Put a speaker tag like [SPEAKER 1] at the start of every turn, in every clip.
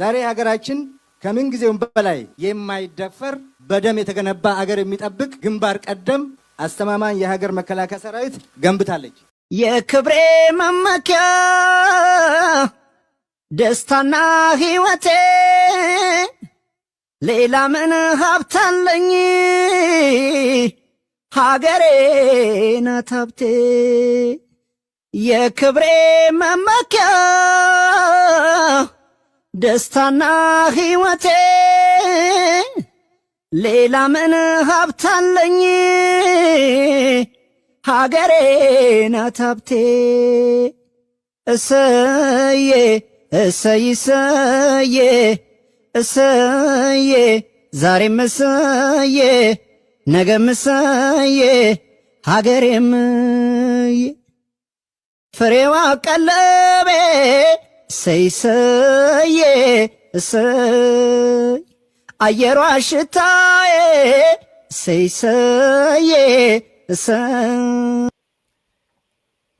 [SPEAKER 1] ዛሬ ሀገራችን ከምን በላይ የማይደፈር በደም የተገነባ አገር የሚጠብቅ ግንባር ቀደም አስተማማኝ የሀገር መከላከያ ሰራዊት ገንብታለች።
[SPEAKER 2] የክብሬ መመኪያ ደስታና ሕይወቴ ሌላ ምን ሀብታለኝ ሀገሬ ናት የክብሬ መመኪያ ደስታና ሕይወቴ ሌላ ምን ሀብታለኝ ሀገሬ ናት ሀብቴ። እሰዬ እሰይ እሰዬ እሰዬ ፍሬዋ ቀለቤ ሰይ እሰዬ እሰይ አየሯ ሽታዬ ሰይ እሰዬ እሰይ።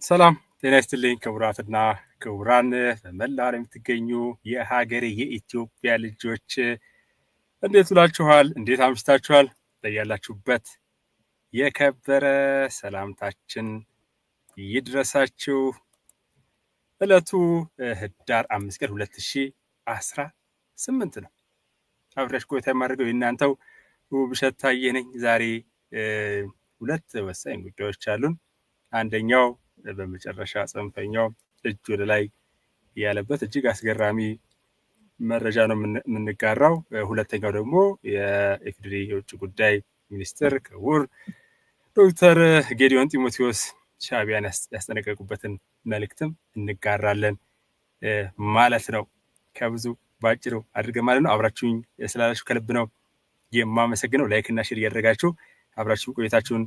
[SPEAKER 3] ሰላም ጤና ይስጥልኝ ክቡራትና ክቡራን በመላ ዓለም የምትገኙ የሀገሬ የኢትዮጵያ ልጆች እንዴት ውላችኋል? እንዴት አምሽታችኋል? በያላችሁበት የከበረ ሰላምታችን ይድረሳችሁ። ዕለቱ ህዳር አምስት ቀን 2018 ነው። አብሬያችሁ ቆይታ የማደርገው የእናንተው ውብሸት ታዬ ነኝ። ዛሬ ሁለት ወሳኝ ጉዳዮች አሉን። አንደኛው በመጨረሻ ጽንፈኛው እጅ ወደ ላይ ያለበት እጅግ አስገራሚ መረጃ ነው የምንጋራው። ሁለተኛው ደግሞ የኢፌዴሪ የውጭ ጉዳይ ሚኒስትር ክቡር ዶክተር ጌዲዮን ጢሞቴዎስ ሻቢያን ያስጠነቀቁበትን መልእክትም እንጋራለን ማለት ነው። ከብዙ በአጭሩ አድርገን ማለት ነው። አብራችሁኝ ስላላችሁ ከልብ ነው የማመሰግነው። ላይክና ሼር እያደረጋችሁ አብራችሁ ቆይታችሁን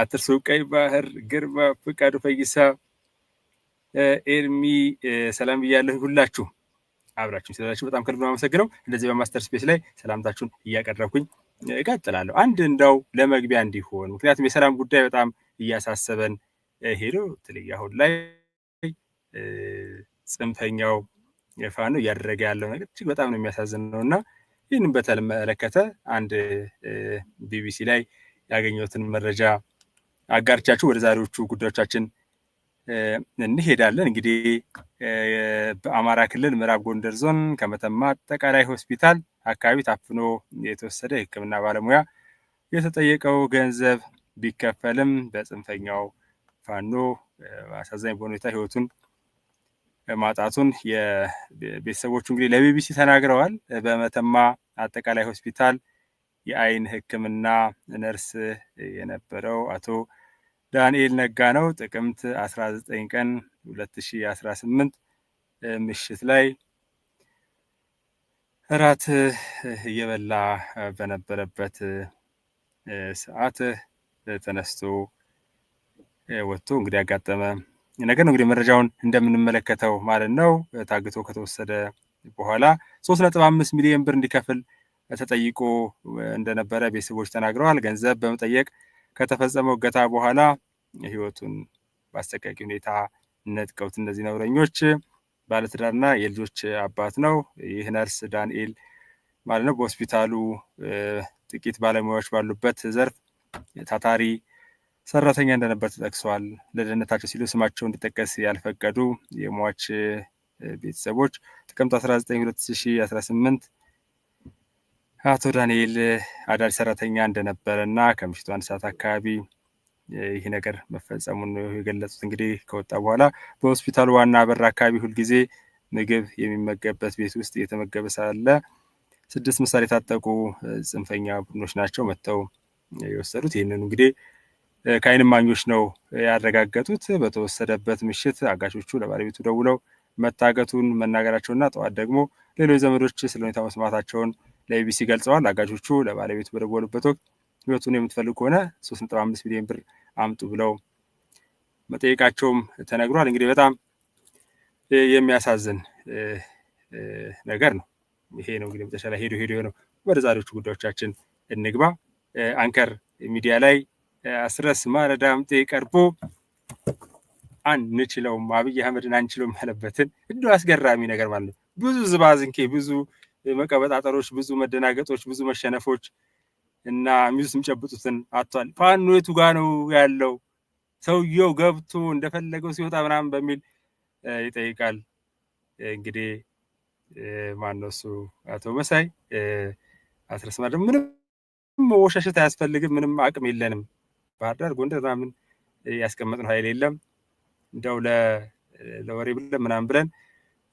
[SPEAKER 3] አትርሱ። ቀይ ባህር ግርማ፣ ፍቃዱ ፈይሳ፣ ኤርሚ ሰላም ብያለሁ። ሁላችሁ አብራችሁ ስላላችሁ በጣም ከልብ ነው የማመሰግነው። እንደዚህ በማስተር ስፔስ ላይ ሰላምታችሁን እያቀረብኩኝ እቀጥላለሁ። አንድ እንዳው ለመግቢያ እንዲሆን ምክንያቱም የሰላም ጉዳይ በጣም እያሳሰበን ሄዶ በተለይ አሁን ላይ ጽንፈኛው ፋኖ እያደረገ ያለው ነገር እጅግ በጣም ነው የሚያሳዝን ነው እና ይህንም በተመለከተ አንድ ቢቢሲ ላይ ያገኘሁትን መረጃ አጋርቻችሁ ወደ ዛሬዎቹ ጉዳዮቻችን እንሄዳለን። እንግዲህ በአማራ ክልል ምዕራብ ጎንደር ዞን ከመተማ አጠቃላይ ሆስፒታል አካባቢ ታፍኖ የተወሰደ የሕክምና ባለሙያ የተጠየቀው ገንዘብ ቢከፈልም በጽንፈኛው ፋኖ አሳዛኝ በሁኔታ ህይወቱን ማጣቱን የቤተሰቦቹ እንግዲህ ለቢቢሲ ተናግረዋል። በመተማ አጠቃላይ ሆስፒታል የአይን ህክምና ነርስ የነበረው አቶ ዳንኤል ነጋ ነው። ጥቅምት 19 ቀን 2018 ምሽት ላይ እራት እየበላ በነበረበት ሰዓት ተነስቶ ወጥቶ እንግዲህ ያጋጠመ ነገር ነው። እንግዲህ መረጃውን እንደምንመለከተው ማለት ነው ታግቶ ከተወሰደ በኋላ ሶስት ነጥብ አምስት ሚሊዮን ብር እንዲከፍል ተጠይቆ እንደነበረ ቤተሰቦች ተናግረዋል። ገንዘብ በመጠየቅ ከተፈጸመው እገታ በኋላ ህይወቱን በአስጠቃቂ ሁኔታ ነጥቀውት እነዚህ ነውረኞች። ባለትዳርና የልጆች አባት ነው። ይህ ነርስ ዳንኤል ማለት ነው በሆስፒታሉ ጥቂት ባለሙያዎች ባሉበት ዘርፍ ታታሪ ሰራተኛ እንደነበር ተጠቅሰዋል። ለደህንነታቸው ሲሉ ስማቸው እንዲጠቀስ ያልፈቀዱ የሟች ቤተሰቦች ጥቅምት 19 2018 አቶ ዳንኤል አዳሪ ሰራተኛ እንደነበረ እና ከምሽቱ አንድ ሰዓት አካባቢ ይህ ነገር መፈጸሙን የገለጹት። እንግዲህ ከወጣ በኋላ በሆስፒታሉ ዋና በር አካባቢ ሁልጊዜ ምግብ የሚመገብበት ቤት ውስጥ እየተመገበ ሳለ ስድስት ምሳሌ የታጠቁ ጽንፈኛ ቡድኖች ናቸው መጥተው የወሰዱት። ይህንን እንግዲህ ከዓይን እማኞች ነው ያረጋገጡት። በተወሰደበት ምሽት አጋቾቹ ለባለቤቱ ደውለው መታገቱን መናገራቸውና ጠዋት ደግሞ ሌሎች ዘመዶች ስለ ሁኔታ መስማታቸውን ለቢቢሲ ገልጸዋል። አጋቾቹ ለባለቤቱ በደወሉበት ወቅት ህይወቱን የምትፈልግ ከሆነ 3.5 ሚሊዮን ብር አምጡ ብለው መጠየቃቸውም ተነግሯል። እንግዲህ በጣም የሚያሳዝን ነገር ነው። ይሄ ነው እንግዲህ መጨረሻ ላይ ሄዶ ሄዶ የሆነው። ወደ ዛሬዎቹ ጉዳዮቻችን እንግባ። አንከር ሚዲያ ላይ አስረስ ማረዳ ምጤ ቀርቦ አንችለውም አብይ አህመድን አንችለውም ያለበትን እንዲ አስገራሚ ነገር ማለት ነው። ብዙ ዝባዝንኬ፣ ብዙ መቀበጣጠሮች፣ ብዙ መደናገጦች፣ ብዙ መሸነፎች እና የሚዙት የሚጨብጡትን አቷል። ፋኖ የቱ ጋ ነው ያለው? ሰውየው ገብቶ እንደፈለገው ሲወጣ ምናምን በሚል ይጠይቃል። እንግዲህ ማነሱ አቶ መሳይ አስረስማ ማረዳ ምንም መወሻሸት አያስፈልግም። ምንም አቅም የለንም ባህር ዳር፣ ጎንደር ምናምን ያስቀመጥነው ኃይል የለም እንደው ለወሬ ብለን ምናምን ብለን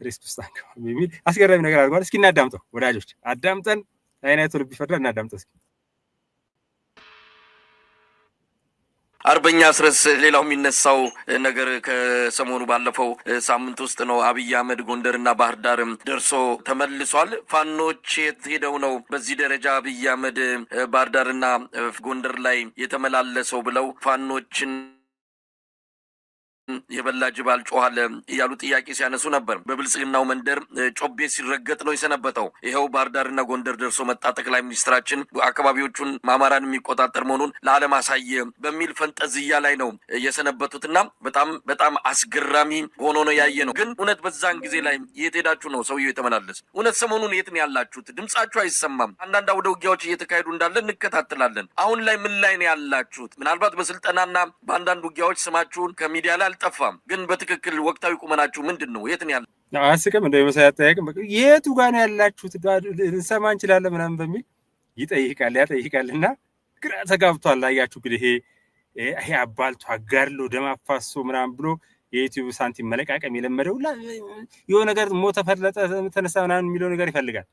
[SPEAKER 3] ሪስክ ውስጥ አንገባም የሚል አስገራሚ ነገር አድርገዋል። እስኪ እናዳምጠው ወዳጆች፣ አዳምጠን አይናይቶ ልብ ይፈርዳል። እናዳምጠው እስኪ
[SPEAKER 4] አርበኛ አስረስ ሌላው የሚነሳው ነገር ከሰሞኑ ባለፈው ሳምንት ውስጥ ነው። አብይ አህመድ ጎንደርና ባህር ዳር ደርሶ ተመልሷል። ፋኖች የት ሄደው ነው በዚህ ደረጃ አብይ አህመድ ባህር ዳርና ጎንደር ላይ የተመላለሰው ብለው ፋኖችን የበላ ጅባል ጮኋል እያሉ ጥያቄ ሲያነሱ ነበር። በብልጽግናው መንደር ጮቤ ሲረገጥ ነው የሰነበተው። ይኸው ባህር ዳርና ጎንደር ደርሶ መጣ። ጠቅላይ ሚኒስትራችን አካባቢዎቹን ማማራን የሚቆጣጠር መሆኑን ለዓለም አሳየ በሚል ፈንጠዝያ ላይ ነው የሰነበቱትና በጣም በጣም አስገራሚ ሆኖ ነው ያየ ነው። ግን እውነት በዛን ጊዜ ላይ የት ሄዳችሁ ነው ሰውየው የተመላለስ? እውነት ሰሞኑን የት ነው ያላችሁት? ድምጻችሁ አይሰማም። አንዳንድ አውደ ውጊያዎች እየተካሄዱ እንዳለ እንከታተላለን። አሁን ላይ ምን ላይ ነው ያላችሁት? ምናልባት በስልጠናና በአንዳንድ ውጊያዎች ስማችሁን ከሚዲያ ላይ አልጠፋም። ግን በትክክል ወቅታዊ ቁመናችሁ ምንድን ነው? የት ነው ያለ?
[SPEAKER 3] አስቅም እንደ መሳይ አጠያቅም የቱ ጋ ነው ያላችሁት? ልንሰማ እንችላለን ምናምን በሚል ይጠይቃል ያጠይቃል እና ግራ ተጋብቷል። አያችሁ እንግዲህ ይሄ አባልቶ አጋድሎ ደም አፋሶ ምናምን ብሎ የዩቲዩብ ሳንቲም መለቃቀም የለመደው የሆነ ነገር ሞተ፣ ፈለጠ፣ ተነሳ ምናምን የሚለው ነገር ይፈልጋል።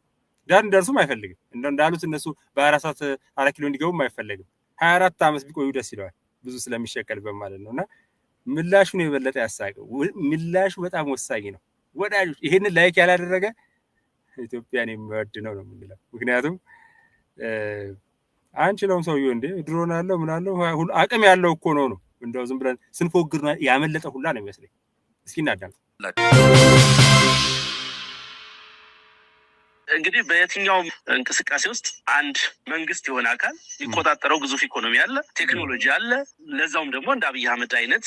[SPEAKER 3] ዳር እንደርሱም አይፈልግም። እንዳሉት እነሱ በአራት ሰዓት አራት ኪሎ እንዲገቡም አይፈለግም። ሀያ አራት ዓመት ቢቆዩ ደስ ይለዋል ብዙ ስለሚሸቀልበት ማለት ነው እና ምላሹ ነው የበለጠ ያሳቀው። ምላሹ በጣም ወሳኝ ነው ወዳጆች። ይህንን ላይክ ያላደረገ ኢትዮጵያን የሚወድ ነው ነው የምንለው። ምክንያቱም አንችለውም ሰውዬው እንዴ ድሮን አለው ምን አለው አቅም ያለው እኮ ነው ነው እንደው ዝም ብለን ስንፎግር ያመለጠ ሁላ ነው የሚመስለኝ። እስኪ እናዳምጥ።
[SPEAKER 4] እንግዲህ በየትኛው እንቅስቃሴ ውስጥ አንድ መንግስት የሆነ አካል የሚቆጣጠረው ግዙፍ ኢኮኖሚ አለ፣ ቴክኖሎጂ አለ። ለዛውም ደግሞ እንደ አብይ አህመድ አይነት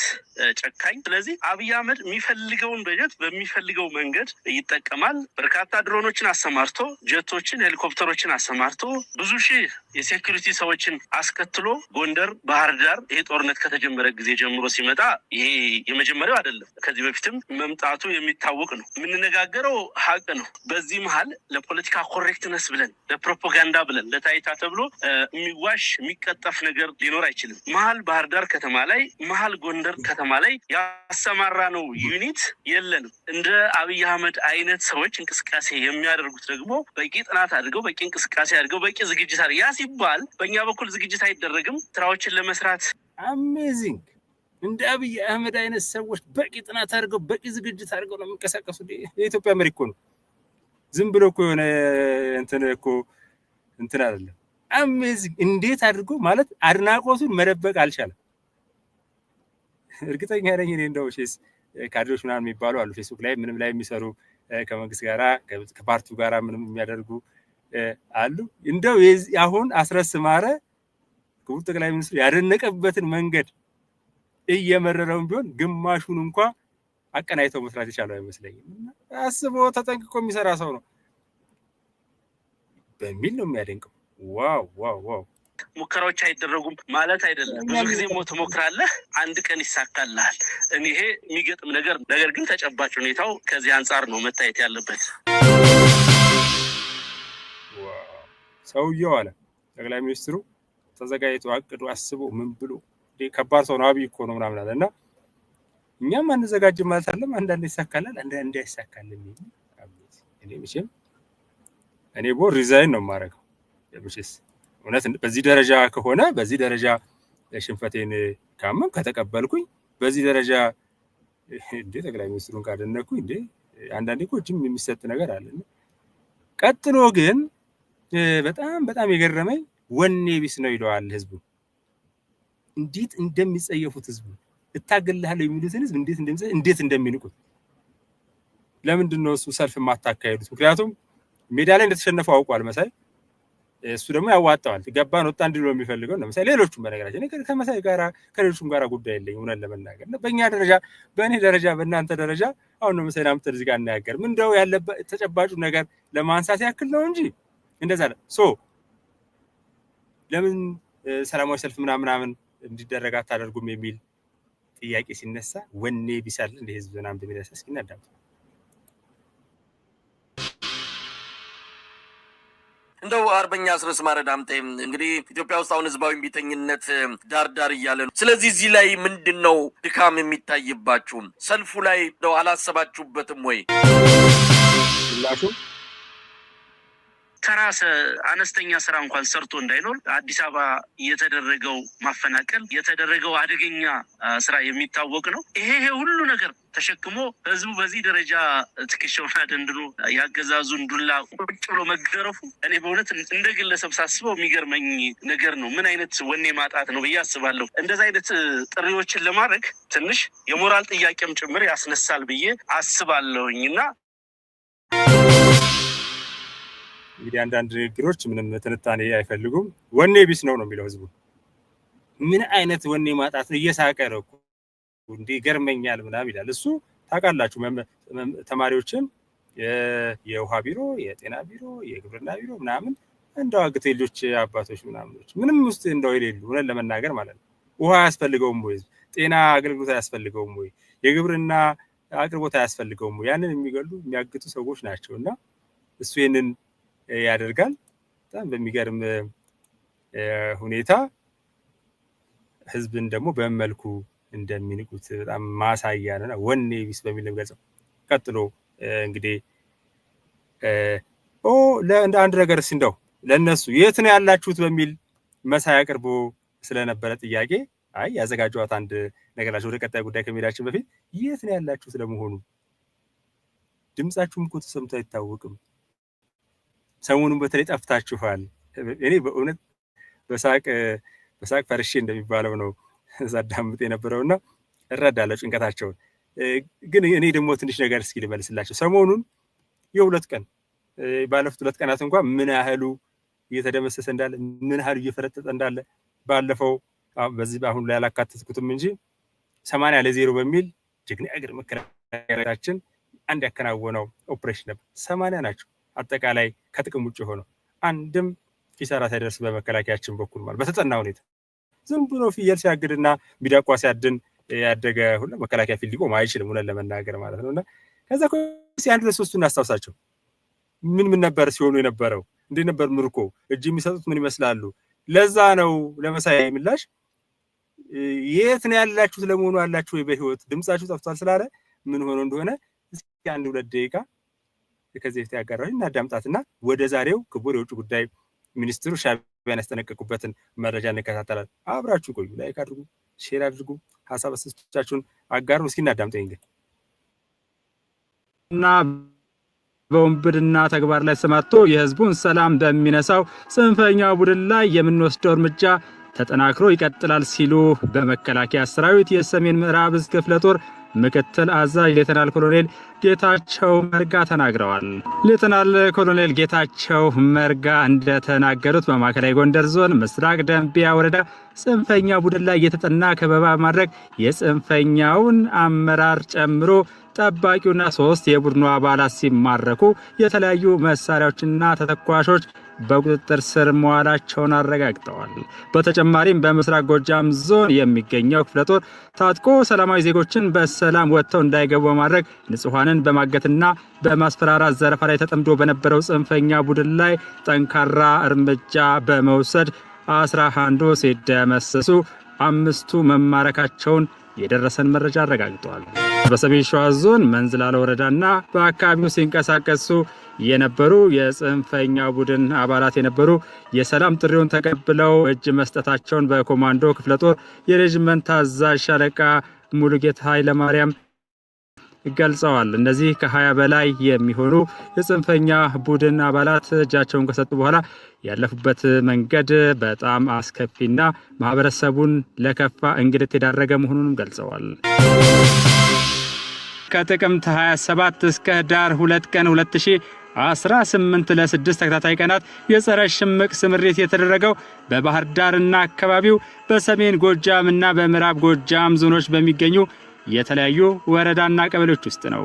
[SPEAKER 4] ጨካኝ። ስለዚህ አብይ አህመድ የሚፈልገውን በጀት በሚፈልገው መንገድ ይጠቀማል። በርካታ ድሮኖችን አሰማርቶ ጀቶችን፣ ሄሊኮፕተሮችን አሰማርቶ ብዙ ሺህ የሴኩሪቲ ሰዎችን አስከትሎ ጎንደር፣ ባህር ዳር ይሄ ጦርነት ከተጀመረ ጊዜ ጀምሮ ሲመጣ ይሄ የመጀመሪያው አይደለም። ከዚህ በፊትም መምጣቱ የሚታወቅ ነው። የምንነጋገረው ሀቅ ነው። በዚህ መሀል ለፖለ ለፖለቲካ ኮሬክትነስ ብለን ለፕሮፓጋንዳ ብለን ለታይታ ተብሎ የሚዋሽ የሚቀጠፍ ነገር ሊኖር አይችልም። መሀል ባህር ዳር ከተማ ላይ መሀል ጎንደር ከተማ ላይ ያሰማራ ነው ዩኒት የለንም። እንደ አብይ አህመድ አይነት ሰዎች እንቅስቃሴ የሚያደርጉት ደግሞ በቂ ጥናት አድርገው በቂ እንቅስቃሴ አድርገው በቂ ዝግጅት አድርገው ያ ሲባል በእኛ በኩል ዝግጅት አይደረግም ስራዎችን ለመስራት
[SPEAKER 3] አሜዚንግ እንደ አብይ አህመድ አይነት ሰዎች በቂ ጥናት አድርገው በቂ ዝግጅት አድርገው ነው የሚንቀሳቀሱ። የኢትዮጵያ መሪ እኮ ነው። ዝም ብሎ እኮ የሆነ እንትን እኮ እንትን አይደለም። አሜዚንግ እንዴት አድርጎ ማለት አድናቆቱን መደበቅ አልቻለም። እርግጠኛ ነኝ እኔ እንደው ሴስ ካድሬዎች ምናምን የሚባሉ አሉ ፌስቡክ ላይ ምንም ላይ የሚሰሩ ከመንግስት ጋራ ከፓርቲው ጋራ ምንም የሚያደርጉ አሉ። እንደው አሁን አስረስ ማረ ክቡር ጠቅላይ ሚኒስትሩ ያደነቀበትን መንገድ እየመረረውን ቢሆን ግማሹን እንኳ አቀናይተው መስራት የቻለው አይመስለኝም። አስቦ ተጠንቅቆ የሚሰራ ሰው ነው በሚል ነው የሚያደንቀው። ዋው ዋው ዋው!
[SPEAKER 4] ሙከራዎች አይደረጉም ማለት አይደለም። ብዙ ጊዜ ሞ ትሞክራለህ፣ አንድ ቀን ይሳካልሃል። ይሄ የሚገጥም ነገር ነገር ግን ተጨባጭ ሁኔታው ከዚህ አንጻር ነው መታየት ያለበት።
[SPEAKER 3] ሰውየው አለ ጠቅላይ ሚኒስትሩ ተዘጋጅቶ አቅዶ አስቦ ምን ብሎ ከባድ ሰው ነው አብይ እኮ ነው ምናምን አለ እና እኛም አንዘጋጅ ማለት አለም አንዳንድ ይሳካላል፣ አንዳንድ አይሳካልም። እኔ መቼም እኔ ቦ ሪዛይን ነው የማደርገው። መቼስ እውነት በዚህ ደረጃ ከሆነ በዚህ ደረጃ ሽንፈቴን ካመን ከተቀበልኩኝ በዚህ ደረጃ እንዴ ጠቅላይ ሚኒስትሩን ካደነኩኝ እንዴ አንዳንዴ እኮ እጅም የሚሰጥ ነገር አለ። ቀጥሎ ግን በጣም በጣም የገረመኝ ወኔ ቢስ ነው ይለዋል ህዝቡ እንዴት እንደሚጸየፉት ህዝቡ እታገልልሃለሁ የሚሉትን ህዝብ እንዴት እንደምጽ እንዴት እንደሚንቁት ለምንድን ነው እሱ ሰልፍ የማታካሄዱት? ምክንያቱም ሜዳ ላይ እንደተሸነፈው አውቋል መሳይ። እሱ ደግሞ ያዋጣዋል ገባን ወጣ ነው የሚፈልገው ለምሳሌ ሌሎቹም በነገራችን ከመሳይ ጋራ ከሌሎቹም ጋራ ጉዳይ የለኝ እውነት ለመናገር በእኛ ደረጃ በእኔ ደረጃ በእናንተ ደረጃ አሁን ነው መሳይ ናምተር እዚህ ጋር እናያገርም እንደው ያለበ ተጨባጩ ነገር ለማንሳት ያክል ነው እንጂ እንደዛ ሶ ለምን ሰላማዊ ሰልፍ ምናምናምን እንዲደረግ አታደርጉም የሚል ጥያቄ ሲነሳ ወኔ ቢሳል እንደ ህዝብ ና እስኪ እናዳምጥ።
[SPEAKER 4] እንደው አርበኛ አስረስ ማረ ዳምጤ እንግዲህ ኢትዮጵያ ውስጥ አሁን ህዝባዊ ቢጠኝነት ዳር ዳር እያለ ነው። ስለዚህ እዚህ ላይ ምንድን ነው ድካም የሚታይባችሁ? ሰልፉ ላይ እንደው አላሰባችሁበትም ወይ? ከራስ አነስተኛ ስራ እንኳን ሰርቶ እንዳይኖር አዲስ አበባ የተደረገው ማፈናቀል የተደረገው አደገኛ ስራ የሚታወቅ ነው። ይሄ ሁሉ ነገር ተሸክሞ ህዝቡ በዚህ ደረጃ ትከሻውን አደንድኖ ያገዛዙን ዱላ ቁጭ ብሎ መገረፉ እኔ በእውነት እንደ ግለሰብ ሳስበው የሚገርመኝ ነገር ነው። ምን አይነት ወኔ ማጣት ነው ብዬ አስባለሁ። እንደዚ አይነት ጥሪዎችን ለማድረግ ትንሽ የሞራል ጥያቄም ጭምር ያስነሳል ብዬ አስባለሁኝ እና
[SPEAKER 3] እንግዲህ አንዳንድ ንግግሮች ምንም ትንታኔ አይፈልጉም። ወኔ ቢስ ነው ነው የሚለው ህዝቡ። ምን አይነት ወኔ ማጣት ነው? እየሳቀ ነው እንዲህ ገርመኛል ምናምን ይላል። እሱ ታውቃላችሁ፣ ተማሪዎችን የውሃ ቢሮ፣ የጤና ቢሮ፣ የግብርና ቢሮ ምናምን እንደው አግተ ልጆች አባቶች ምናምኖች ምንም ውስጥ እንደው የሌሉ እውነት ለመናገር ማለት ነው። ውሃ አያስፈልገውም ወይ? ጤና አገልግሎት አያስፈልገውም ወይ? የግብርና አቅርቦት አያስፈልገውም ወይ? ያንን የሚገሉ የሚያግቱ ሰዎች ናቸው እና እሱ ይህንን ያደርጋል። በጣም በሚገርም ሁኔታ ህዝብን ደግሞ በመልኩ እንደሚንቁት በጣም ማሳያ ነው። ወኔ ቢስ በሚል የሚገልጸው ቀጥሎ እንግዲህ እንደ አንድ ነገርስ እንደው ለእነሱ የት ነው ያላችሁት በሚል መሳይ አቅርቦ ስለነበረ ጥያቄ አይ ያዘጋጀዋት አንድ ነገር ወደ ቀጣይ ጉዳይ ከመሄዳችን በፊት የት ነው ያላችሁት ለመሆኑ ድምፃችሁም እኮ ተሰምቶ አይታወቅም ሰሞኑን በተለይ ጠፍታችኋል። እኔ በእውነት በሳቅ በሳቅ ፈርሼ እንደሚባለው ነው ሳዳምጥ እና እረዳለሁ ጭንቀታቸውን። ግን እኔ ደግሞ ትንሽ ነገር እስኪ ልመልስላቸው። ሰሞኑን የሁለት ቀን ባለፉት ሁለት ቀናት እንኳን ምን ያህሉ እየተደመሰሰ እንዳለ ምን ያህሉ እየፈረጠጠ እንዳለ ባለፈው በዚህ በአሁኑ ላይ አላካተትኩትም እንጂ ሰማንያ ለዜሮ በሚል ጀግና እግር መከላከያችን አንድ ያከናወነው ኦፕሬሽን ነበር። ሰማንያ ናቸው። አጠቃላይ ከጥቅም ውጭ የሆነው አንድም ኪሳራ ሳይደርስ በመከላከያችን በኩል ማለት በተጠና ሁኔታ ዝም ብሎ ፍየል ሲያግድና ሚዳቋ ሲያድን ያደገ ሁሉ መከላከያ ፊት ሊቆም አይችልም፣ እውነት ለመናገር ማለት ነው። እና ከዛ አንድ ለሶስቱ እናስታውሳቸው። ምን ምን ነበር ሲሆኑ የነበረው? እንዴት ነበር ምርኮ? እጅ የሚሰጡት ምን ይመስላሉ? ለዛ ነው ለመሳያ ምላሽ የት ነው ያላችሁት? ለመሆኑ ያላችሁ ወይ በህይወት ድምጻችሁ ጠፍቷል ስላለ ምን ሆኖ እንደሆነ እስኪ አንድ ሁለት ደቂቃ ከዚህ በፊት ያጋራሁኝ እና ወደ ዛሬው ክቡር የውጭ ጉዳይ ሚኒስትሩ ሻቢያን ያስጠነቀቁበትን መረጃ እንከታተላል። አብራችሁ ቆዩ። ላይክ አድርጉ፣ ሼር አድርጉ፣ ሀሳብ አስተያየቶቻችሁን አጋሩ። እስኪ እናዳምጠኝ ግን እና በወንብድና ተግባር ላይ ተሰማርቶ የህዝቡን ሰላም በሚነሳው ጽንፈኛ ቡድን ላይ የምንወስደው እርምጃ ተጠናክሮ ይቀጥላል ሲሉ በመከላከያ ሰራዊት የሰሜን ምዕራብ እዝ ክፍለ ጦር ምክትል አዛዥ ሌተናል ኮሎኔል ጌታቸው መርጋ ተናግረዋል። ሌተናል ኮሎኔል ጌታቸው መርጋ እንደተናገሩት በማዕከላዊ ጎንደር ዞን ምስራቅ ደንቢያ ወረዳ ጽንፈኛ ቡድን ላይ የተጠና ከበባ ማድረግ የጽንፈኛውን አመራር ጨምሮ ጠባቂውና ሶስት የቡድኑ አባላት ሲማረኩ የተለያዩ መሳሪያዎችና ተተኳሾች በቁጥጥር ስር መዋላቸውን አረጋግጠዋል። በተጨማሪም በምስራቅ ጎጃም ዞን የሚገኘው ክፍለ ጦር ታጥቆ ሰላማዊ ዜጎችን በሰላም ወጥተው እንዳይገቡ በማድረግ ንጹሐንን በማገትና በማስፈራራት ዘረፋ ላይ ተጠምዶ በነበረው ጽንፈኛ ቡድን ላይ ጠንካራ እርምጃ በመውሰድ አስራ አንዱ ሲደመሰሱ አምስቱ መማረካቸውን የደረሰን መረጃ አረጋግጠዋል። በሰሜን ሸዋ ዞን መንዝላለ ወረዳና በአካባቢው ሲንቀሳቀሱ የነበሩ የጽንፈኛ ቡድን አባላት የነበሩ የሰላም ጥሪውን ተቀብለው እጅ መስጠታቸውን በኮማንዶ ክፍለ ጦር የሬጅመንት ታዛዥ ሻለቃ ሙሉጌታ ኃይለማርያም ገልጸዋል። እነዚህ ከ20 በላይ የሚሆኑ የጽንፈኛ ቡድን አባላት እጃቸውን ከሰጡ በኋላ ያለፉበት መንገድ በጣም አስከፊና ማህበረሰቡን ለከፋ እንግልት የዳረገ መሆኑንም ገልጸዋል። ከጥቅምት 27 እስከ ህዳር 2 ቀን 2000 18 ለስድስት ተከታታይ ቀናት የጸረ ሽምቅ ስምሪት የተደረገው በባህር ዳርና አካባቢው በሰሜን ጎጃምና በምዕራብ ጎጃም ዞኖች በሚገኙ የተለያዩ ወረዳና ቀበሌዎች ውስጥ ነው።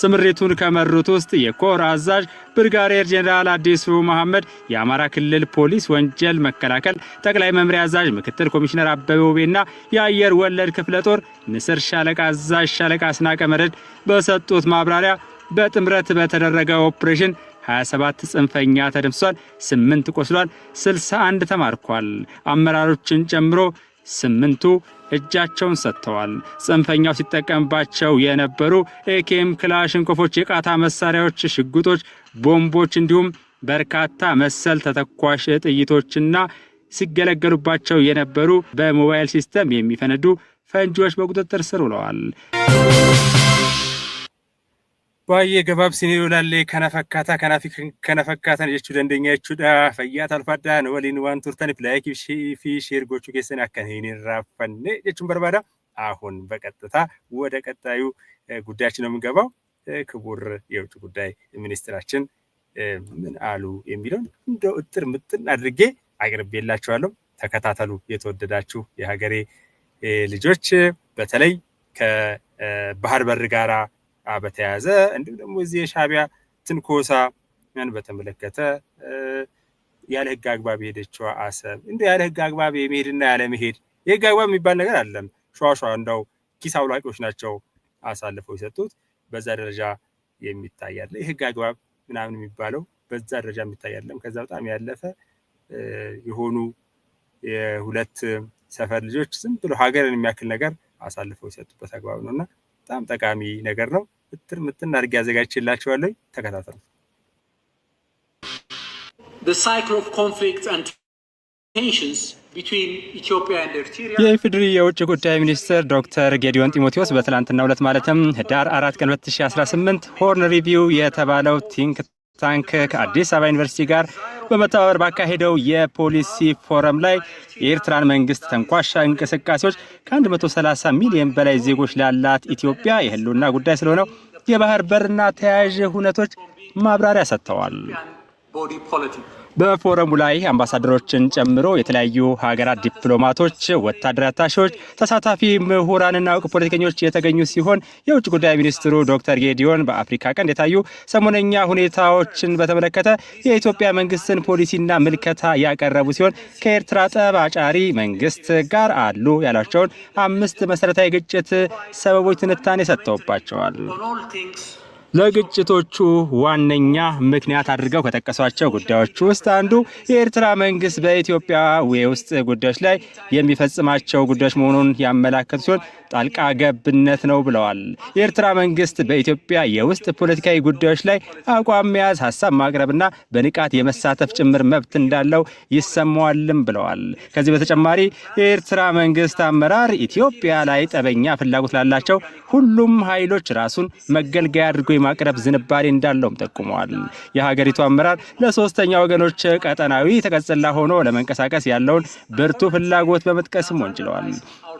[SPEAKER 3] ስምሪቱን ከመሩት ውስጥ የኮር አዛዥ ብርጋዴር ጄኔራል አዲሱ መሐመድ፣ የአማራ ክልል ፖሊስ ወንጀል መከላከል ጠቅላይ መምሪያ አዛዥ ምክትል ኮሚሽነር አበበ ውቤና የአየር ወለድ ክፍለ ጦር ንስር ሻለቃ አዛዥ ሻለቃ አስናቀ መረድ በሰጡት ማብራሪያ በጥምረት በተደረገ ኦፕሬሽን 27 ጽንፈኛ ተደምስሷል፣ 8 ቆስሏል፣ 61 ተማርኳል። አመራሮችን ጨምሮ ስምንቱ እጃቸውን ሰጥተዋል። ጽንፈኛው ሲጠቀምባቸው የነበሩ ኤኬም፣ ክላሽንኮፎች፣ የቃታ መሳሪያዎች፣ ሽጉጦች፣ ቦምቦች እንዲሁም በርካታ መሰል ተተኳሽ ጥይቶችና ሲገለገሉባቸው የነበሩ በሞባይል ሲስተም የሚፈነዱ ፈንጂዎች በቁጥጥር ስር ውለዋል። Baay'ee gabaabsinee olaallee kana fakkaata. Kanaaf kana fakkaatan jechuu dandeenya jechuudha. Fayyaa tolfadhaa nu waliin waan turtaniif laayikii fi sheer gochuu keessan akka hin raaffanne jechuun barbaada. Aሁን በቀጥታ ወደ ቀጣዩ ጉዳያችን ነው የምንገባው። ክቡር የውጭ ጉዳይ ሚኒስትራችን ምን አሉ የሚለውን እንደ እጥር ምጥን አድርጌ አቅርቤላችኋለሁ። ተከታተሉ። የተወደዳችሁ የሀገሬ ልጆች በተለይ ከባህር በር ጋራ በተያያዘ እንዲሁም ደግሞ እዚህ የሻቢያ ትንኮሳ ትንኮሳን በተመለከተ ያለ ህግ አግባብ የሄደችዋ አሰብ እንዲ ያለ ህግ አግባብ የመሄድና ያለ መሄድ የህግ አግባብ የሚባል ነገር አለም። ሸዋሸዋ እንዳው ኪስ አውላቂዎች ናቸው አሳልፈው የሰጡት። በዛ ደረጃ የሚታያለ የህግ አግባብ ምናምን የሚባለው በዛ ደረጃ የሚታያለም ከዛ በጣም ያለፈ የሆኑ የሁለት ሰፈር ልጆች ዝም ብሎ ሀገርን የሚያክል ነገር አሳልፈው የሰጡበት አግባብ ነው እና በጣም ጠቃሚ ነገር ነው። እትር ምትን አድርጌ ያዘጋጅላቸዋለሁ። ተከታተሉ። የኢፌዴሪ የውጭ ጉዳይ ሚኒስትር ዶክተር ጌዲዮን ጢሞቴዎስ በትላንትናው ዕለት ማለትም ህዳር አራት ቀን 2018 ሆርን ሪቪው የተባለው ቲንክ ታንክ ከአዲስ አበባ ዩኒቨርሲቲ ጋር በመተባበር ባካሄደው የፖሊሲ ፎረም ላይ የኤርትራን መንግስት ተንኳሻ እንቅስቃሴዎች ከ130 ሚሊዮን በላይ ዜጎች ላላት ኢትዮጵያ የህልውና ጉዳይ ስለሆነው የባህር በርና ተያያዥ ሁነቶች ማብራሪያ ሰጥተዋል። በፎረሙ ላይ አምባሳደሮችን ጨምሮ የተለያዩ ሀገራት ዲፕሎማቶች፣ ወታደራዊ አታሾች፣ ተሳታፊ ምሁራንና እውቅ ፖለቲከኞች የተገኙ ሲሆን የውጭ ጉዳይ ሚኒስትሩ ዶክተር ጌዲዮን በአፍሪካ ቀንድ የታዩ ሰሞነኛ ሁኔታዎችን በተመለከተ የኢትዮጵያ መንግስትን ፖሊሲና ምልከታ ያቀረቡ ሲሆን ከኤርትራ ጠብ አጫሪ መንግስት ጋር አሉ ያሏቸውን አምስት መሰረታዊ ግጭት ሰበቦች ትንታኔ ሰጥተውባቸዋል። ለግጭቶቹ ዋነኛ ምክንያት አድርገው ከጠቀሷቸው ጉዳዮች ውስጥ አንዱ የኤርትራ መንግስት በኢትዮጵያ የውስጥ ጉዳዮች ላይ የሚፈጽማቸው ጉዳዮች መሆኑን ያመላከቱ ሲሆን ጣልቃ ገብነት ነው ብለዋል። የኤርትራ መንግስት በኢትዮጵያ የውስጥ ፖለቲካዊ ጉዳዮች ላይ አቋም መያዝ፣ ሀሳብ ማቅረብና በንቃት የመሳተፍ ጭምር መብት እንዳለው ይሰማዋልም ብለዋል። ከዚህ በተጨማሪ የኤርትራ መንግስት አመራር ኢትዮጵያ ላይ ጠበኛ ፍላጎት ላላቸው ሁሉም ኃይሎች ራሱን መገልገያ አድርጎ የማቅረብ ዝንባሌ እንዳለውም ጠቁመዋል። የሀገሪቱ አመራር ለሶስተኛ ወገኖች ቀጠናዊ ተቀጽላ ሆኖ ለመንቀሳቀስ ያለውን ብርቱ ፍላጎት በመጥቀስም ወንጅለዋል።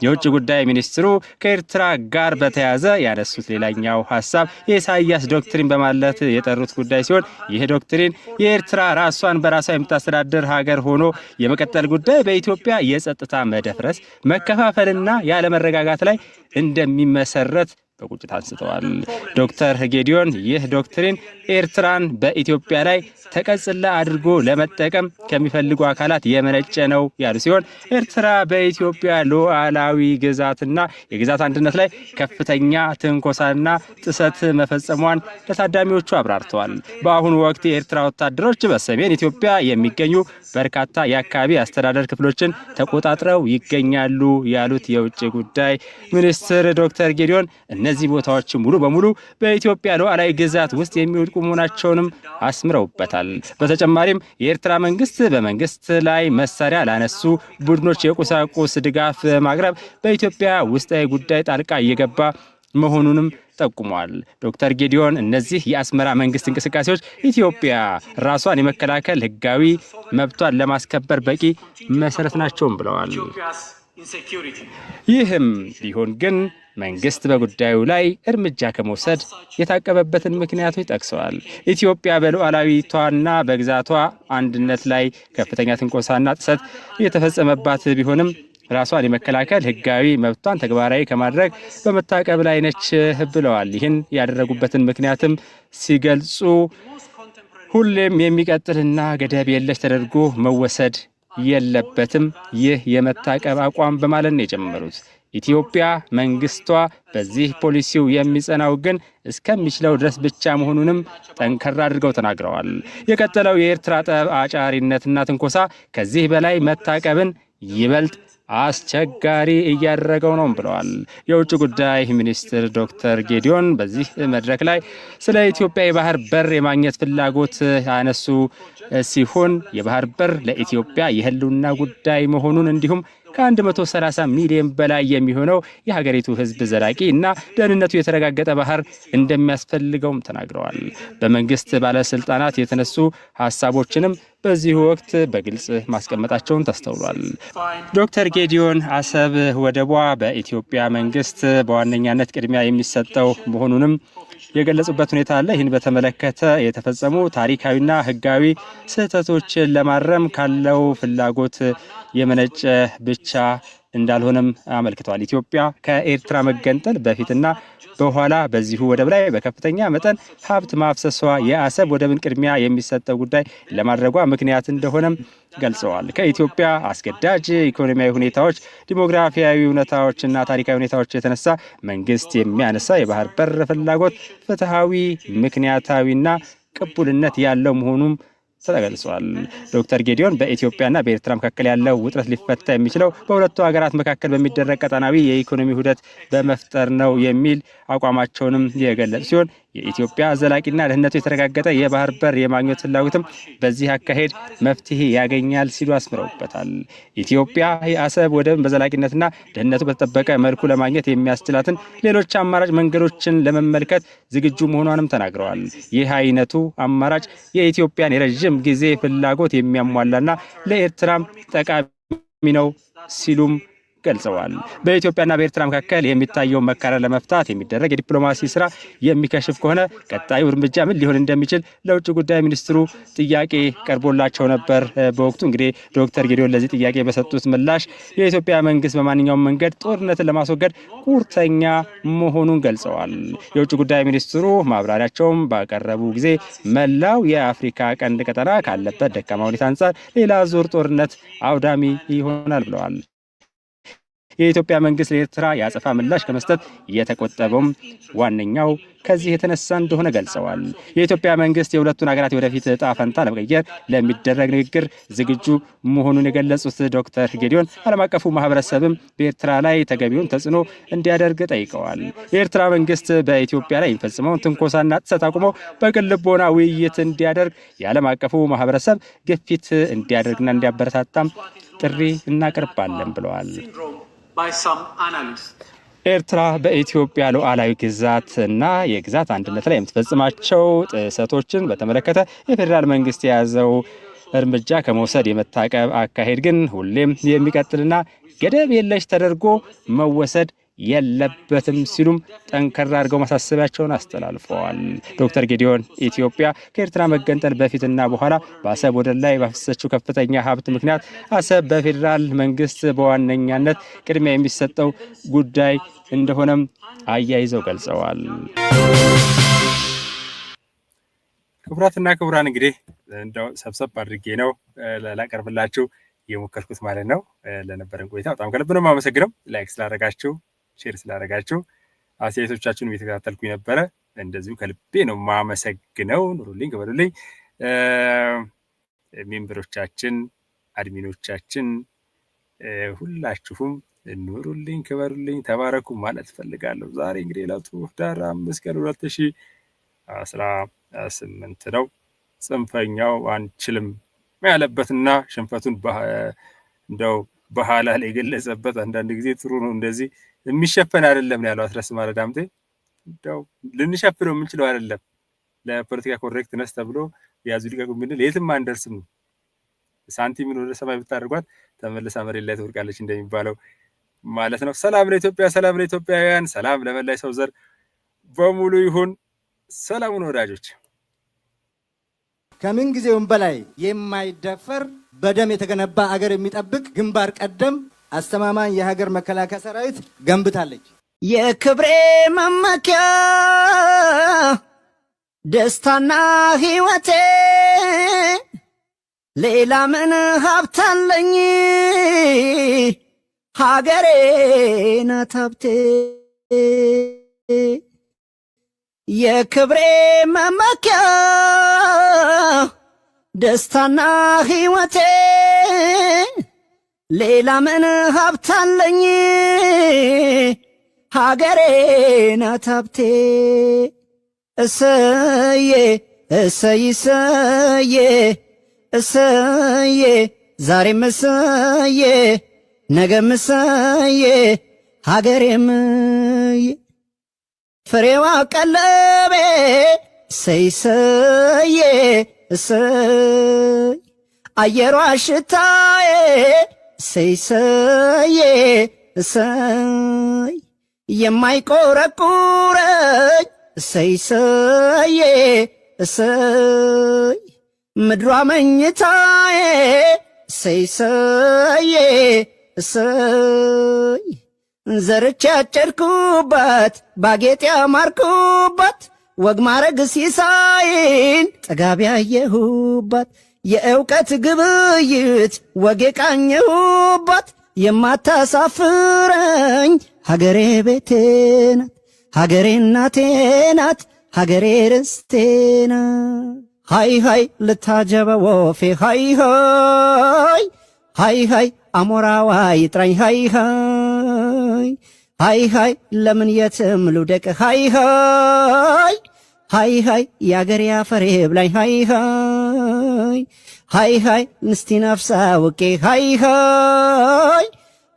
[SPEAKER 3] የውጭ ጉዳይ ሚኒስትሩ ከኤርትራ ጋር በተያያዘ ያነሱት ሌላኛው ሀሳብ የኢሳያስ ዶክትሪን በማለት የጠሩት ጉዳይ ሲሆን ይህ ዶክትሪን የኤርትራ ራሷን በራሷ የምታስተዳድር ሀገር ሆኖ የመቀጠል ጉዳይ በኢትዮጵያ የጸጥታ መደፍረስ፣ መከፋፈልና ያለመረጋጋት ላይ እንደሚመሰረት በቁጭት አንስተዋል። ዶክተር ጌዲዮን ይህ ዶክትሪን ኤርትራን በኢትዮጵያ ላይ ተቀጽላ አድርጎ ለመጠቀም ከሚፈልጉ አካላት የመነጨ ነው ያሉ ሲሆን ኤርትራ በኢትዮጵያ ሉዓላዊ ግዛትና የግዛት አንድነት ላይ ከፍተኛ ትንኮሳና ጥሰት መፈጸሟን ለታዳሚዎቹ አብራርተዋል። በአሁኑ ወቅት የኤርትራ ወታደሮች በሰሜን ኢትዮጵያ የሚገኙ በርካታ የአካባቢ አስተዳደር ክፍሎችን ተቆጣጥረው ይገኛሉ ያሉት የውጭ ጉዳይ ሚኒስትር ዶክተር ጌዲዮን እነዚህ ቦታዎች ሙሉ በሙሉ በኢትዮጵያ ሉዓላዊ ግዛት ውስጥ የሚወድቁ መሆናቸውንም አስምረውበታል። በተጨማሪም የኤርትራ መንግስት በመንግስት ላይ መሳሪያ ላነሱ ቡድኖች የቁሳቁስ ድጋፍ ማቅረብ በኢትዮጵያ ውስጣዊ ጉዳይ ጣልቃ እየገባ መሆኑንም ጠቁሟል። ዶክተር ጌዲዮን እነዚህ የአስመራ መንግስት እንቅስቃሴዎች ኢትዮጵያ ራሷን የመከላከል ህጋዊ መብቷን ለማስከበር በቂ መሰረት ናቸውም ብለዋል። ይህም ቢሆን ግን መንግስት በጉዳዩ ላይ እርምጃ ከመውሰድ የታቀበበትን ምክንያቶች ጠቅሰዋል። ኢትዮጵያ በሉዓላዊቷና በግዛቷ አንድነት ላይ ከፍተኛ ትንኮሳና ጥሰት እየተፈጸመባት ቢሆንም ራሷን የመከላከል ህጋዊ መብቷን ተግባራዊ ከማድረግ በመታቀብ ላይ ነች ብለዋል። ይህን ያደረጉበትን ምክንያትም ሲገልጹ ሁሌም የሚቀጥልና ገደብ የለሽ ተደርጎ መወሰድ የለበትም ይህ የመታቀብ አቋም በማለት ነው የጀመሩት። ኢትዮጵያ መንግስቷ በዚህ ፖሊሲው የሚጸናው ግን እስከሚችለው ድረስ ብቻ መሆኑንም ጠንከራ አድርገው ተናግረዋል። የቀጠለው የኤርትራ ጠብ አጫሪነትና ትንኮሳ ከዚህ በላይ መታቀብን ይበልጥ አስቸጋሪ እያደረገው ነው ብለዋል። የውጭ ጉዳይ ሚኒስትር ዶክተር ጌዲዮን በዚህ መድረክ ላይ ስለ ኢትዮጵያ የባህር በር የማግኘት ፍላጎት ያነሱ ሲሆን የባህር በር ለኢትዮጵያ የህልውና ጉዳይ መሆኑን እንዲሁም ከ130 ሚሊዮን በላይ የሚሆነው የሀገሪቱ ህዝብ ዘላቂ እና ደህንነቱ የተረጋገጠ ባህር እንደሚያስፈልገውም ተናግረዋል። በመንግስት ባለስልጣናት የተነሱ ሀሳቦችንም በዚህ ወቅት በግልጽ ማስቀመጣቸውን ተስተውሏል። ዶክተር ጌዲዮን አሰብ ወደቧ በኢትዮጵያ መንግስት በዋነኛነት ቅድሚያ የሚሰጠው መሆኑንም የገለጹበት ሁኔታ አለ። ይህን በተመለከተ የተፈጸሙ ታሪካዊና ሕጋዊ ስህተቶችን ለማረም ካለው ፍላጎት የመነጨ ብቻ እንዳልሆነም አመልክተዋል። ኢትዮጵያ ከኤርትራ መገንጠል በፊትና በኋላ በዚሁ ወደብ ላይ በከፍተኛ መጠን ሀብት ማፍሰሷ የአሰብ ወደብን ቅድሚያ የሚሰጠው ጉዳይ ለማድረጓ ምክንያት እንደሆነም ገልጸዋል። ከኢትዮጵያ አስገዳጅ ኢኮኖሚያዊ ሁኔታዎች፣ ዲሞግራፊያዊ እውነታዎችና ታሪካዊ ሁኔታዎች የተነሳ መንግስት የሚያነሳ የባህር በር ፍላጎት ፍትሐዊ፣ ምክንያታዊና ቅቡልነት ያለው መሆኑም ተገልጿል። ዶክተር ጌዲዮን በኢትዮጵያና በኤርትራ መካከል ያለው ውጥረት ሊፈታ የሚችለው በሁለቱ ሀገራት መካከል በሚደረግ ቀጠናዊ የኢኮኖሚ ውህደት በመፍጠር ነው የሚል አቋማቸውንም የገለጹ ሲሆን የኢትዮጵያ ዘላቂና ደህንነቱ የተረጋገጠ የባህር በር የማግኘት ፍላጎትም በዚህ አካሄድ መፍትሄ ያገኛል ሲሉ አስምረውበታል። ኢትዮጵያ የአሰብ ወደብን በዘላቂነትና ደህንነቱ በተጠበቀ መልኩ ለማግኘት የሚያስችላትን ሌሎች አማራጭ መንገዶችን ለመመልከት ዝግጁ መሆኗንም ተናግረዋል። ይህ አይነቱ አማራጭ የኢትዮጵያን የረዥም ጊዜ ፍላጎት የሚያሟላና ለኤርትራም ጠቃሚ ነው ሲሉም ገልጸዋል። በኢትዮጵያና በኤርትራ መካከል የሚታየውን መካረር ለመፍታት የሚደረግ የዲፕሎማሲ ስራ የሚከሽፍ ከሆነ ቀጣዩ እርምጃ ምን ሊሆን እንደሚችል ለውጭ ጉዳይ ሚኒስትሩ ጥያቄ ቀርቦላቸው ነበር። በወቅቱ እንግዲህ ዶክተር ጌዲዮን ለዚህ ጥያቄ በሰጡት ምላሽ የኢትዮጵያ መንግስት በማንኛውም መንገድ ጦርነትን ለማስወገድ ቁርተኛ መሆኑን ገልጸዋል። የውጭ ጉዳይ ሚኒስትሩ ማብራሪያቸውም ባቀረቡ ጊዜ መላው የአፍሪካ ቀንድ ቀጠና ካለበት ደካማ ሁኔታ አንጻር ሌላ ዙር ጦርነት አውዳሚ ይሆናል ብለዋል። የኢትዮጵያ መንግስት ለኤርትራ የአጸፋ ምላሽ ከመስጠት የተቆጠበውም ዋነኛው ከዚህ የተነሳ እንደሆነ ገልጸዋል። የኢትዮጵያ መንግስት የሁለቱን ሀገራት የወደፊት እጣ ፈንታ ለመቀየር ለሚደረግ ንግግር ዝግጁ መሆኑን የገለጹት ዶክተር ጌዲዮን ዓለም አቀፉ ማህበረሰብም በኤርትራ ላይ ተገቢውን ተጽዕኖ እንዲያደርግ ጠይቀዋል። የኤርትራ መንግስት በኢትዮጵያ ላይ የሚፈጽመውን ትንኮሳና ጥሰት አቁሞ በቅን ልቦና ውይይት እንዲያደርግ የዓለም አቀፉ ማህበረሰብ ግፊት እንዲያደርግና እንዲያበረታታም ጥሪ እናቀርባለን ብለዋል። ኤርትራ በኢትዮጵያ ሉዓላዊ ግዛት እና የግዛት አንድነት ላይ የምትፈጽማቸው ጥሰቶችን በተመለከተ የፌዴራል መንግስት የያዘው እርምጃ ከመውሰድ የመታቀብ አካሄድ ግን ሁሌም የሚቀጥልና ገደብ የለሽ ተደርጎ መወሰድ የለበትም ሲሉም ጠንከር አድርገው ማሳሰቢያቸውን አስተላልፈዋል። ዶክተር ጌዲዮን ኢትዮጵያ ከኤርትራ መገንጠል በፊትና በኋላ በአሰብ ወደብ ላይ ባፈሰሰችው ከፍተኛ ሀብት ምክንያት አሰብ በፌዴራል መንግስት በዋነኛነት ቅድሚያ የሚሰጠው ጉዳይ እንደሆነም አያይዘው ገልጸዋል። ክቡራትና ክቡራን እንግዲህ እንደው ሰብሰብ አድርጌ ነው ላቀርብላችሁ የሞከርኩት ማለት ነው። ለነበረን ቆይታ በጣም ከልብ ነው የማመሰግነው። ላይክ ስላደረጋችሁ ሼር ስላደረጋችሁ አስተያየቶቻችሁን እየተከታተልኩኝ ነበረ። እንደዚሁ ከልቤ ነው ማመሰግነው። ኑሩልኝ፣ ግበሉልኝ። ሜምበሮቻችን፣ አድሚኖቻችን ሁላችሁም ኑሩልኝ፣ ክበሩልኝ፣ ተባረኩ ማለት ፈልጋለሁ። ዛሬ እንግዲህ ዕለቱ ህዳር አምስት ቀን ሁለት ሺ አስራ ስምንት ነው። ጽንፈኛው አንችልም ያለበትና ሽንፈቱን እንደው በኋላ ላይ የገለጸበት አንዳንድ ጊዜ ጥሩ ነው እንደዚህ የሚሸፈን አይደለም ነው ያለው። አስረስ ማለት እንደው ልንሸፍነው የምንችለው አይደለም ለፖለቲካ ኮሬክትነስ ተብሎ ያዙ ሊቀቁ ብንል የትም አንደርስም። ሳንቲምን ወደ ሰማይ ብታደርጓት ተመልሳ መሬት ላይ ትወድቃለች እንደሚባለው ማለት ነው። ሰላም ለኢትዮጵያ፣ ሰላም ለኢትዮጵያውያን፣ ሰላም ለመላይ ሰው ዘር በሙሉ ይሁን። ሰላሙን ወዳጆች
[SPEAKER 1] ከምን ጊዜውም በላይ የማይደፈር በደም የተገነባ አገር የሚጠብቅ ግንባር ቀደም አስተማማኝ የሀገር መከላከያ ሰራዊት ገንብታለች።
[SPEAKER 2] የክብሬ መመኪያ ደስታና ሕይወቴ ሌላ ምን ሀብታለኝ? ሀገሬ ናት ሀብቴ። የክብሬ መመኪያ ደስታና ሕይወቴ ሌላ ምን ሀብታለኝ ሀገሬ ናት ሀብቴ። እሰዬ እሰይ እሰዬ እሰዬ ዛሬም እሰዬ ነገም እሰዬ ሀገሬም ፍሬዋ ቀለቤ እሰይ እሰዬ እሰይ አየሯ ሽታዬ ሰይሰዬ እሰይ የማይቆረቁረኝ እሰይሰዬ እሰይ ምድሯ መኝታዬ እሰይሰዬ እሰይ ዘርቼ ያጨድኩባት ባጌጥ ያማርኩባት ወግ ማረግ ሲሳይን ጠጋቢ ያየሁባት የእውቀት ግብይት ወጌ ቃኘሁባት የማታሳፍረኝ ሀገሬ ቤቴ ናት፣ ሀገሬ እናቴ ናት፣ ሀገሬ ርስቴ ናት። ሃይ ሃይ ልታጀበ ወፌ ሀይ ሃይ ሀይ ሀይ አሞራዋ ይጥራኝ ሃይ ሃይ ሀይ ሀይ ለምን የትም ልውደቅ ሃይ ሀይ ሀይ ሀይ የአገሬ አፈሬ ብላኝ ሀይ ሀይ ሆይ ሃይ ሃይ ምስቲ ነፍሳ ውቄ ሃይ ሃይ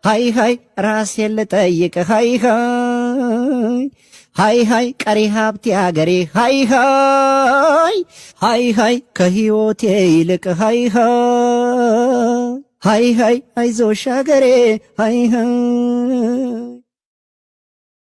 [SPEAKER 2] ሃይ ሃይ ራሴን ልጠይቅ ሃይ ሃይ ሃይ ሃይ ቀሪ ሀብቴ አገሬ ሃይ ሃይ ሃይ ሃይ ከህይወቴ ይልቅ ሃይ ሃይ ሃይ ሃይ አይዞሽ አገሬ ሃይ ሃይ